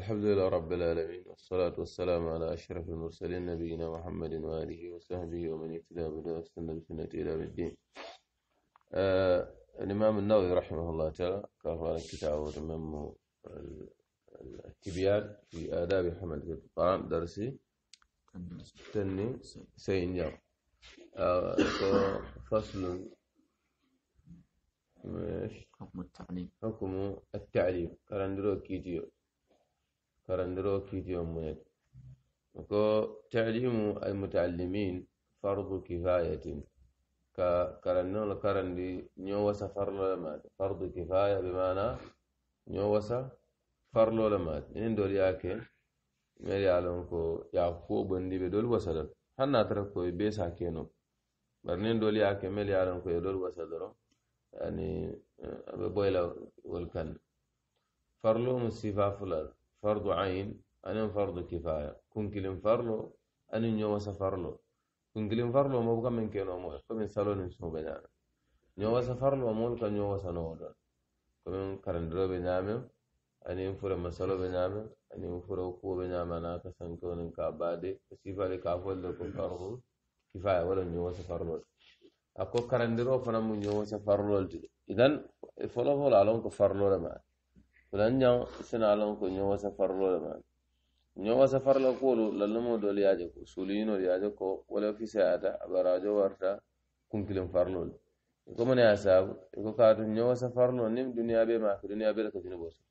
الحمد لله رب العالمين والصلاة والسلام على أشرف المرسلين نبينا محمد وآله وصحبه ومن اهتدى بهداه واستنى بسنته إلى الدين. آه الإمام النووي رحمه الله تعالى كفر كتابه تمام التبيان في آداب حمل القرآن درسي تني سينجر آه فصل حكم التعليم حكم فرندرو كيديو منك وكو تعليم المتعلمين فرض كفاية كرنو دي نيو وسا فرلو لمات فرض كفاية بمعنى نيو وسا فرلو لمات إن دول ياكي ميري عالمكو يعقوب بندي بدول وسلم حنا كو بيسا كينو برنين دول ياكي ميري كو يدول وسلم يعني أبي بويلا والكن فرلو مصيفة فلان فرض عين أنا فرض كفاية كن كل فرض أنا نيو كن كل فرض له مبقى من كينو مو كمن سالون سو بنام نيو له مول كن نيو سنودون كمن كرندرو بنام أنا ينفر مسالو بنام أنا ينفر كو بنام أنا كون كابادي كسيفا لكافول لكم فرض كفاية ولا نيو له أكو كرندرو فنمو نيو له إذن فلو فلو علونك فرلو لما fulan jaŋ sina loŋ ko ñoŋ wasa farlo le maŋ ñoŋ wasa farla kuwolu lallumo doolu ye a je ko suuliyinolu ye a je ko wala fisayata a barajo warta kunkilin farlolu iko mane a saabu iko kaatu ñoŋ wasa farlo niŋ duniyaa bee maake duniyaa bee le ka junubo so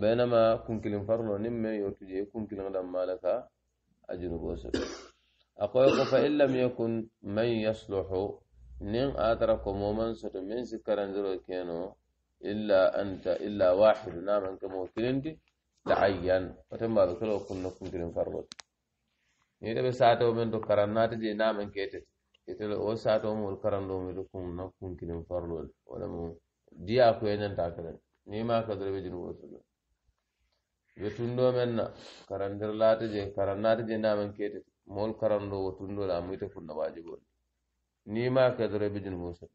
baynama kunkilin farlo niŋ meŋ yo tuje kunkiliŋ dammaa le ka a junubo so a koye ko fa in lam yakun man yasluhu niŋ a tara ko moo maŋ soto meŋ si karandiro keenoo إلا أنت إلا واحد نام كما وكلنتي تعين وتم بعد كله كنا كنتم فرود نيتا بساعته من تو كرنات دي نام كيت يتل أو ساعته مول كرن دوم يلكم نكون كنتم فرود ولا مو دي أكو ينن تاكلن نيما كدر بيجن وصل يتندو منا كرندر لات دي كرنات دي نام كيت مول كرن دو وتندو لا ميتا كنا واجبون نيما كدر بيجن وصل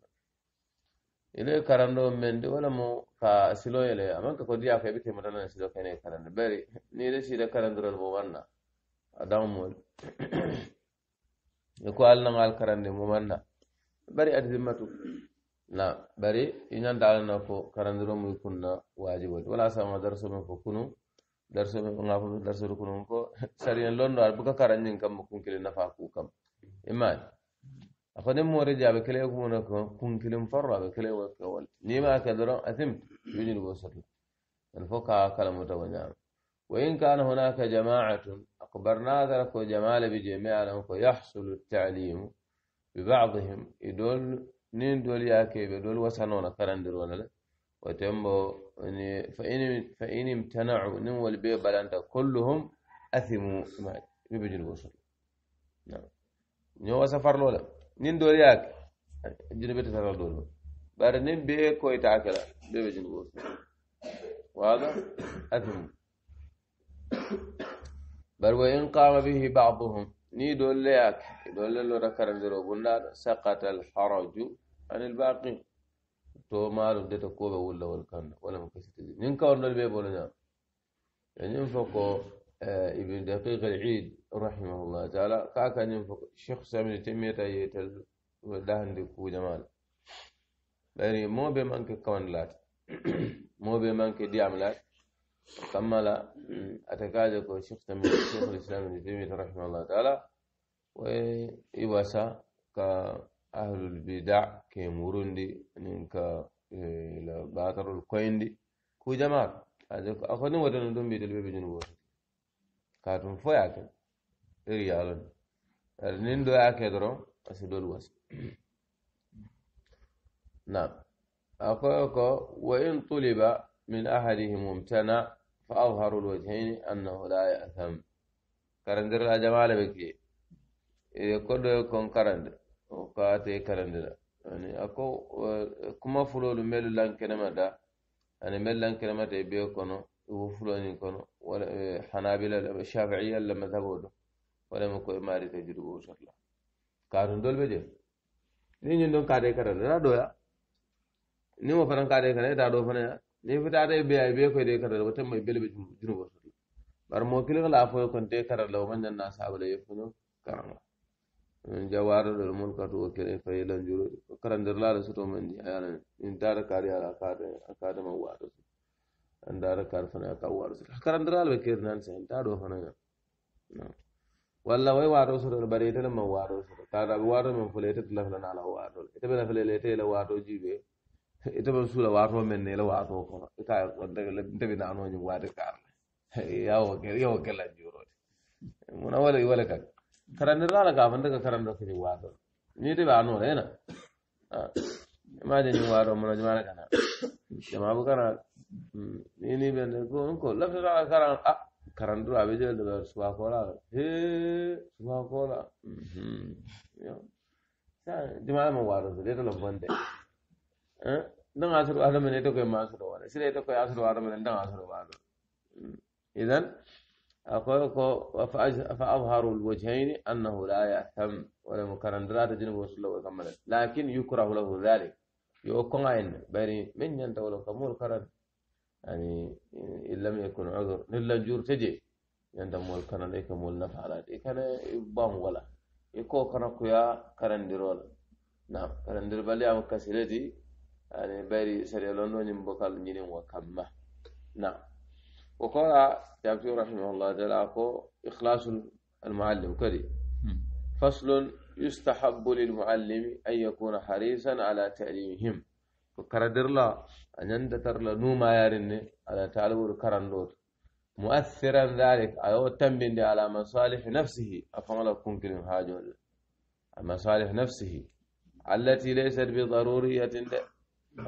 ile karando mende wala mo ka silo yele amanka ko diya kay bike mutana silo kene karando bari ni de sida karando ro mo wanna adam mo ko alna ngal karande mo wanna bari adimmatu na bari inan dala na ko karandiro mu kunna wajibo wala sama darso men ko kunu darso men nga fo darso kunu ko sari en londo ar buka karanyin kam kun kile nafa ku kam imani أخذ نم ورجع بكلي يكون كون كلم فرع بكلي وكول نيما كدرا أثم يجي الوصل الفقهاء كلام متوجع وإن كان هناك جماعة أقبرنا ذلك وجمال بجميع لهم فيحصل التعليم ببعضهم يدول نين دول ياكي بدول وسنون كرندر ولا وتمبو فإن فإن امتنعوا نول بي بلانتا كلهم أثموا ما بيجي الوصل نعم نيو سفر لولا نندورياك جنبي تسرر دول بارنين به كوي تاكلا به جنبوس وهذا أثم بر وإن قام به بعضهم ني دول ياك دول لو ركر زرو بندا سقط الحرج عن الباقي تو مال دت كوبا ولا ولا كان ولا مكسيت نين كاور نول يعني فوكو آه، ابن دقيق العيد رحمه الله تعالى كان ينفق شخص من تيمية يتل ودهن دكو جمال يعني مو بمانك كون لات مو بمانك ديام لات كمالا أتكاجك شخص من شيخ الإسلام ابن تيمية رحمه الله تعالى ويواسا كأهل البدع كموروندي نينكا آه، إلى باطل الكويندي كو جمال أخذنا ودنا بيت بيدل جنوبه katum fo yake iri yalon ari nin do yake doron asi dolu wasi نعم أقولك وإن طلب من أحدهم امتنع فأظهر الوجهين أنه لا يأثم كرندر لا جمال بكي إذا كل يكون كرند وقاتي كرندر يعني أكو كما فلول ميل لان كلمة دا يعني ميل لان كلمة تبيه كونو وفلان يكون ولا حنابلة الشافعية لما ذهبوا ولا مكو ماري تجربة وشرلا كارون دول بجر ni ñun don kaade kara da do ya ni mo faran kaade kara da do fana ni fita da be ay be ko de kara wata mai belbe junu bo sori bar mo kila la fo kon de kara law man nan sahabala yefuno karama jawarul mulkatu wa kire fa yelan juro karandir la da suto man ni ayana in tara kariya la kaade akade man wa da su andara kar fana ka waru sila kar andara be kir nan sen ta do hana ya walla way wato so do bare itala ma wato so ta da wato men fule ta la fana ala wato ita be la fule le te la wato jibe ita be sula wato men ne la wato ko ita wanda le tabi na no ni wato kar ya o ke ya o ke la juro muna wala wala ka kar andara la ka fanda ka kar andara siri wato ni te ba no le na ma de ni wato muna jama'a kana jama'a kana ini bende ko ko lafta karan a karan dura be jelde be suba kola he suba kola yo sa dima ma waro de to lobonde eh dan asru adam ne to ko masru wala sire to ko asru adam ne dan asru wala idan أقول فأظهر الوجهين أنه لا يأثم ولا مكرن لا تجنب وصل له وكمل لكن يكره له ذلك يوقع بني من ينتهي له كمول كرن يعني إن لم يكن عذر نلا جور تجي يندم مول كان ليك مول نفع على دي كان يبام ولا يكو كان كويا كرنديرول نعم كرندير بالي ام كسيلتي يعني بيري سري لوندو نيم بوكال نيني وكما نعم وقال شافعي رحمه الله تعالى إخلاص المعلم كريم فصل يستحب للمعلم أن يكون حريصا على تعليمهم karadirla anyanda tarla numa yarinne ala talibul karandot mu'athiran dhalik ayo tambinde ala masalih nafsihi afamala kunkirin hajol masalih nafsihi التي ليست بضرورية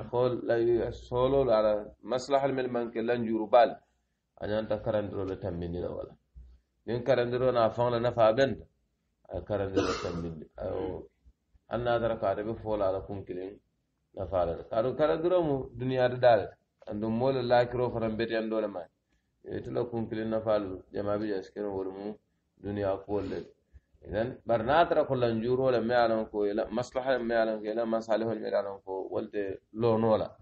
أقول لا سولو على مصلحة من المنك لن يربال أن أنت كرندرو لتمني ولا إن كرندرو نافعنا نفع بنت كرندرو لتمني أو أن أدرك عربي فول على كم كلين nafala la saɗum kala doromu duniyaato daale andum moolo laakiro fanan betiyan ɗo le ma itula kunkilin nafalu jamaɓe jaskiro wolu mum duniya kuwol le idan bari na tara ko lanjurole me alon ko maslaha me alon ko ila masalihol me alon ko wolde loonola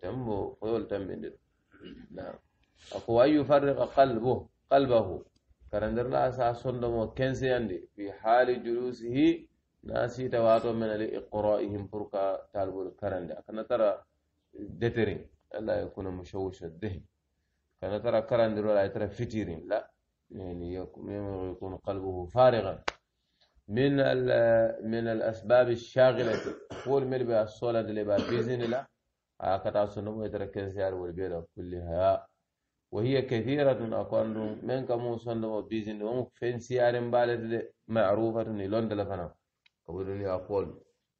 tembo koyol tambinde ɗum ako wa yufarriqa qalbuh qalbahu karandirla sa sondomo kenseyande fi haali julusihi ناسيت واتو من لإقرائهم فرقا طالب الكرند كان ترى دترين ألا يكون مشوش الذهن كان ترى كرند ولا ترى فتيرين لا يعني يكون قلبه فارغا من من الأسباب الشاغلة قول مل بالصولة اللي بإذن الله هكذا سنو يتركز سيار والبيضة كلها وهي كثيرة أكون من كمو سنو بإذن فين سيارين بالد معروفة لندن فنو أولون يقول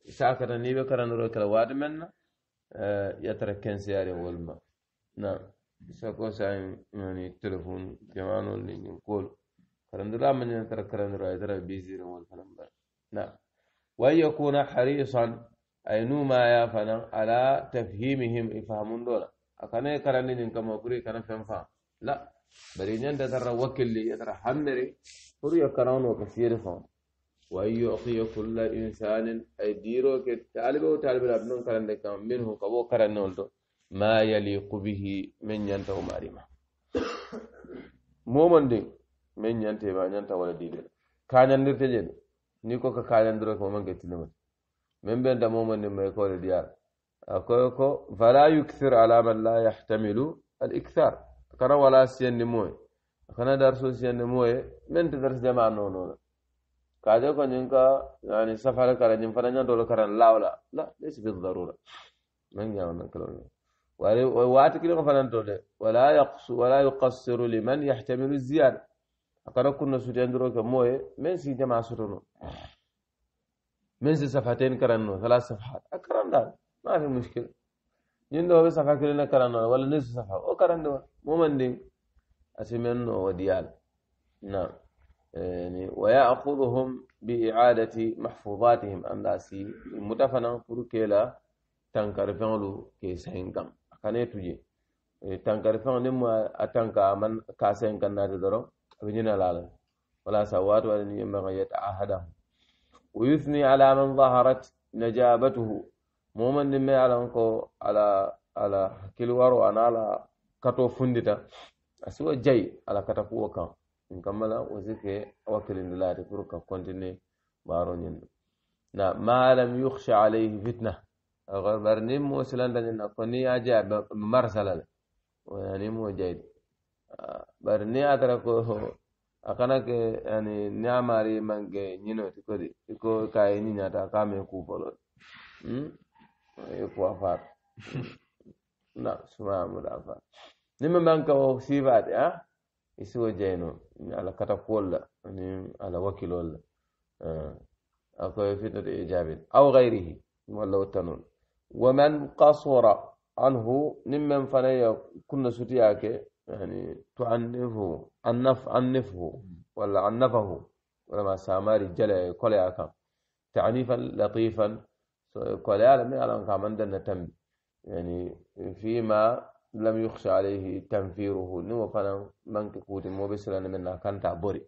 إساكة نيبة كرا نورو كلا واد من آه، يترك كنسياري والما نعم ساكو سايم يعني تلفون جمانو اللي نقول كرا نورا من يترك كرا نورا يترك بيزير والفنمبر نعم ويكون حريصا أي نوما يا فنا على تفهيمهم إفهمون دولا أكنا يكرني نكم أقولي كنا فهم فا لا برينيان ترى وكل يترى حمري فري يكرون وكثير فهم وأن يعطي كل إنسان أي ديرو كتالب وتالب لابنون كرن منه كبو كرن نولدو ما يليق به من ينتهو ماريما مومن دين من ينتهي ما ينتهي ولا ديدر كان يندر تجد نيكو كان يندر مومن كتلمت من بين مومن ما يقول ديار أكوكو فلا يكثر على من لا يحتمل الإكثار كان ولا سين نموي كان درسو سين نموي من تدرس جماعة نونو كاجو كنجنكا يعني سفر كرنجن فرنجا دول كارن لا ولا لا ليس بالضرورة من جاء من كلامه وواتك لغة فرنجا دول ولا يقص ولا يقصر لمن يحتمل الزيادة أكرا كنا سجان دروك موي من سيد ما سرونو من سي صفحتين كرنو ثلاث صفحات أكرم دال ما في مشكلة يندو بس صفحة كلنا كرنو ولا نصف صفحة أو كرنو مو من دين أسمين وديال نعم ويأخذهم بإعادة محفوظاتهم أنداسي متفنا فركلا تنكرفنلو كيسينكم أكني تجي tankarifeŋo niŋ mu a tanka a maŋ kaaseŋ kaŋ naati doroŋ a be ñina la a la wala sa waatu wala niŋ yembeŋo yetaahadahu wa yuthni ala man zaharat najabatuhu moo maŋ niŋ meŋ alaŋ ko ala ala hakkili waro anaŋ ala kato fundita a siwo jayi ala katakuwo kaŋ nkamala wasike wakilindilaati pour ka continue baro ñinno na ma lam yukhsha alayhi fitna bar ni mo silanta ñinna ko ni a jeya marsalale yani mo jeydi bar ni atara ko akana ke yani ni a mari manke ñinoti kodi iko kaye ñiñata kame kufolo ikuwa faat na suma muda faat ni me manka ya isiwo jeyno ala katakuwol la ani ala wakilol la akoye fitnatu ijabin au gayrihi wala wo wa man kasura anhu nin men fanaya kunna sutiya ke yani tuannifuhu annifhu wala annafahu walama samari jale koleya kam tanifan latifan koleya la min alan kaman tambi yani fima لم يخش عليه تنفيره نو فانا من كوت مو بس من من بوري تعبري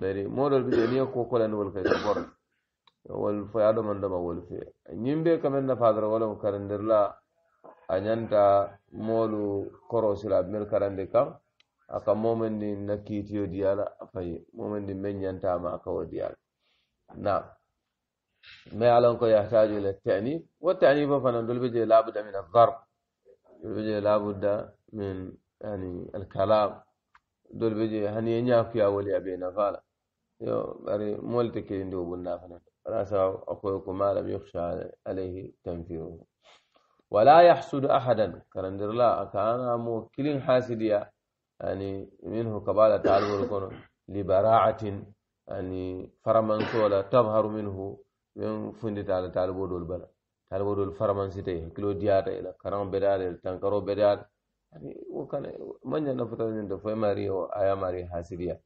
داري مول البيدني كو كل نو الخير بور والفي هذا من دم أول في نيمبا كمان نفادر ولا مكرن درلا أنيان تا مول كروس لا بمر كرن دكا أك مومن دي نكيتيو ديالا فاي مومن دي من ينتا ما أكو ديال نعم ما علاقة يحتاج إلى التعنيف والتعنيف فانا دول بيجي لابد من الضرب بيجي لابد من يعني الكلام دول بيجي هني يعني نياكو يا ولي أبينا فالا يو بري يعني مولتك يندو بالنافنة رأسا أخوك ما لم يخشى عليه تنفيره ولا يحسد أحدا كرندر لا كان مو كلين يا يعني منه كبالة تعالوا لكم لبراعة يعني فرمان سولا تظهر منه من فندت على تعالوا دول بلد hal woɗol faramansite hakkilo diyata ela karan beɗaɗa el tankaro beɗaɗa ani wo kana maña nafutañen to foye mari o aya mari ha siriya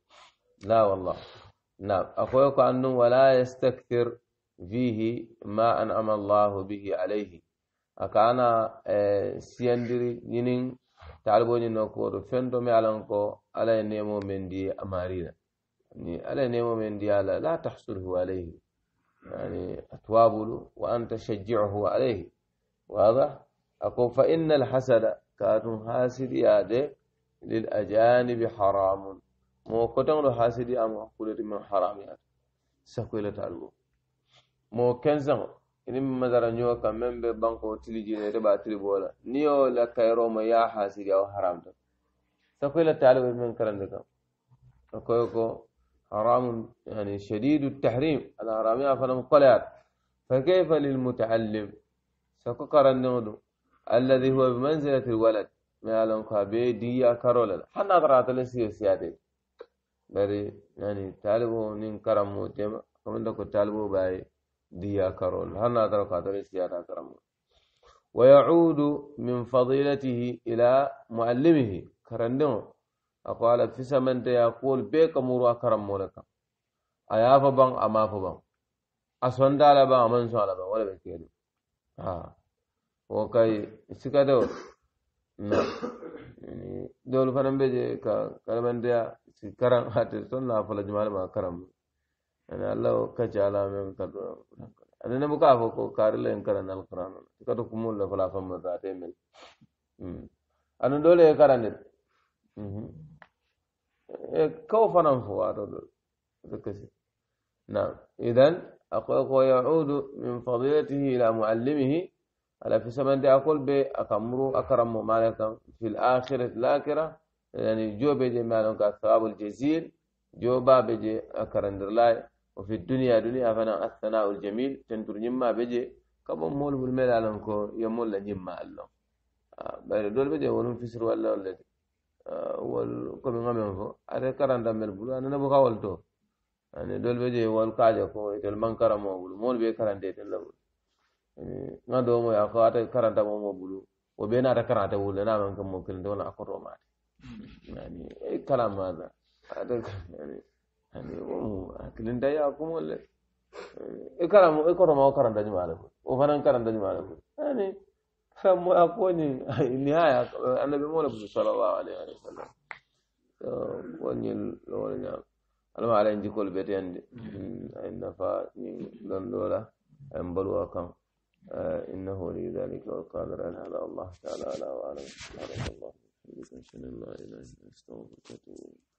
la wallah nam akoye ko an ɗum wala yastakthir fihi ma an'ama allahu bihi alayhi aka ana siyandiri ñinin taaliboñino koto fento mi alan ko ala e nemo men di amarina ni ala e nemo men di ala la tahsulhu alayhi يعني أتوابل وأن تشجعه عليه واضح أقول فإن الحسد كاتم حاسد ياده للأجانب حرام مو كتن حاسد أم أقول من حرام ياده سكولة تعلمو مو كنزم إن مدر نيوكا من ببنكو تلجي ربا تلبولا نيو لكيرو ما يا حاسد أو حرام سكولة تعلمو من كرندكم أقول حرام يعني شديد التحريم على حرامها فلم قلعت فكيف للمتعلم سققر النود الذي هو بمنزلة الولد ما يعلم قابي دي كارولا حنا قرأت لسيو سيادي بري يعني تالبو نين كرمو جمع كمان دكو طالبه باي دي كارول حنا قرأت لسي كرمو ويعود من فضيلته إلى معلمه كرندو ako ala fisamente ya kuwol bee ka muru a karanmo le kan a ye a fo baŋ a maa fo baŋ a sonta a la baŋ a maŋ soŋ a la baŋ wo le be keedu wo kay sikado na doolu fanaŋ be je ka kalamanteya si karaŋ ate soŋ na a fo la jumaale ma karaŋ ani alla wo kacca ala meŋ kato ate ne buka a fo ko kaari la in karaŋ alqur'an sikato kumulu le fo la a fammata ate mel anu doolu ye karaŋ de كو فنان نعم إذا أقول ويعود من فضيلته إلى معلمه على في سمن دي أقول بي أكمرو أكرم مالك في الآخرة الآخرة يعني جو بيجي مالك الثواب الجزيل جو با بيجي أكرندر لاي وفي الدنيا دنيا فانا الثناء الجميل تنتر نما بيجي كم مول بالمال لنكو يمول لنما اللهم آه، بل دول بيجي ولن فسر ولا ولا wol komi ŋamen fo ate karanta mel bulu ana nabu ka wol to ani dol be je wol kaje ko itol man karamo bulu moolu be karante itol la bulu ŋa domo ya ko ate karanta momo bulu wo be naata karata wulle na man kam mo kilinte wona akoto maate ani e kalam maga ate ani ani womu kilinta ya kumolle e karamo e kotoma o karanta jumaale bulu o fanan karanta jumaale bulu ani كم أكوني النهاية النبي مو نبي صلى الله عليه وسلم آه، وني لولا نعم. أنا ما علي عندي كل بيت عندي النفا لن لولا بلوا كم إنه لي ذلك والقادر أن هذا الله تعالى لا وعلى سبحانه الله بحمدك أشهد أن لا إله إلا أنت أستغفرك وأتوب إليك